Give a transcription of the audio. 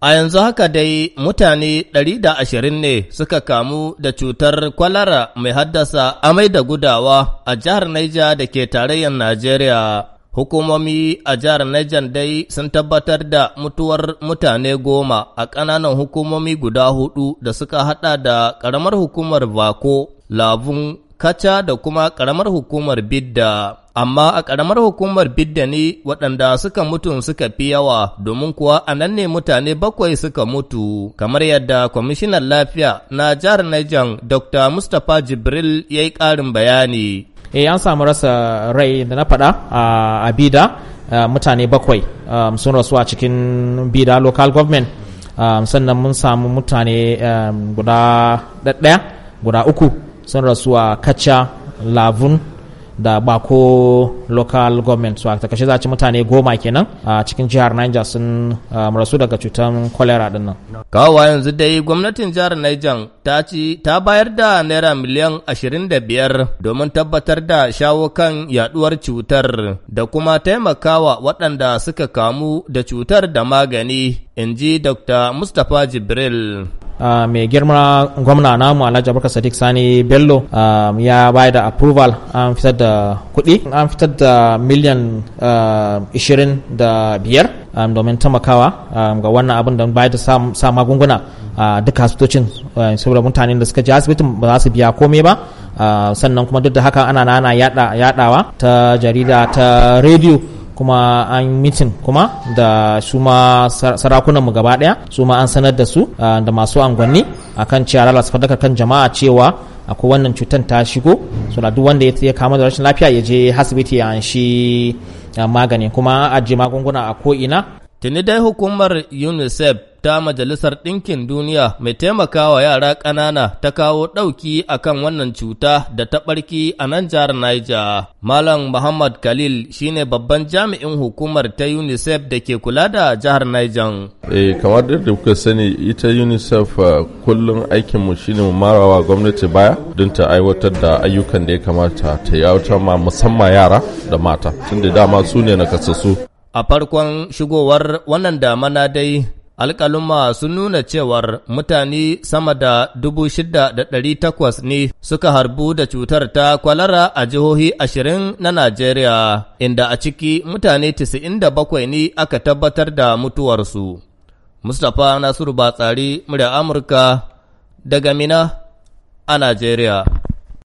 A yanzu haka dai mutane 120 ne suka kamu da cutar kwalara mai haddasa amai da gudawa a jihar Naija da ke tarayyar Najeriya. Hukumomi a jihar Naija dai sun tabbatar da mutuwar mutane goma a ƙananan hukumomi guda hudu da suka hada da ƙaramar hukumar Vako, Labun, Kacha da kuma ƙaramar hukumar Bidda. amma a ƙaramar hukumar bidda ne waɗanda suka mutu suka fi yawa domin kuwa a nan ne mutane bakwai suka mutu kamar yadda kwamishinan lafiya na jihar Niger Dr. Mustapha Jibril ya yi ƙarin bayani. E, an samu rasa rai da na faɗa a Bida mutane bakwai um, sun rasu a cikin Bida local government um, sannan mun samu mutane um, guda ɗaya guda uku sun rasu a Kacha Lavun da bako local government su a kashe za ci mutane goma kenan a cikin jihar niger sun rasu daga cutar cholera din nan kawawa yanzu dai gwamnatin jihar niger ta ci ta bayar da naira miliyan 25 domin tabbatar da shawo kan yaduwar cutar da kuma taimakawa waɗanda suka kamu da cutar da magani in ji dr mustapha jibril Ah, mai girma gwamna namu alhaji abubakar sadiq sani bello ah, ya bayar da approval an fitar da kuɗi an fitar da miliyan ah, ishirin da biyar domin taimakawa ga wannan abin da bayar da sa magunguna a duka asibitocin saboda mutanen da suka je asibitin ba za su biya komai ba sannan kuma duk da haka ana ana yadawa ta jarida ta rediyo kuma an mitin kuma da su ma sarakunanmu gaba daya su ma an sanar da su ah, da masu angwanni akan cewa su fadakar kan jama'a cewa akwai wannan cutar ta shigo so duk wanda ya kama da rashin lafiya ya je asibiti ya shi ah, magani kuma a ajiye magunguna a ko ina tuni dai hukumar unicef ta Majalisar Ɗinkin Duniya mai taimakawa yara ƙanana ta kawo ɗauki a kan wannan cuta da ta ɓarki a nan jihar Niger. Malam Muhammad Khalil shine babban jami'in hukumar ta UNICEF da ke kula da jihar Niger. Eh kamar da kuka sani ita UNICEF eh, kullum aikin shi ne marawa gwamnati baya don ta aiwatar da ayyukan da ya kamata ta yautar ma musamman yara da mata tunda dama su ne nakasassu. A farkon shigowar wannan damana dai alƙaluma sun nuna cewar mutane sama da dubu shida da ɗari takwas ne suka harbu da cutar ta kwalara a jihohi ashirin na Najeriya, inda a ciki mutane tisa'in da bakwai ne aka tabbatar da mutuwarsu. Mustapha Nasiru Batsari, murya Amurka, daga Mina a Najeriya.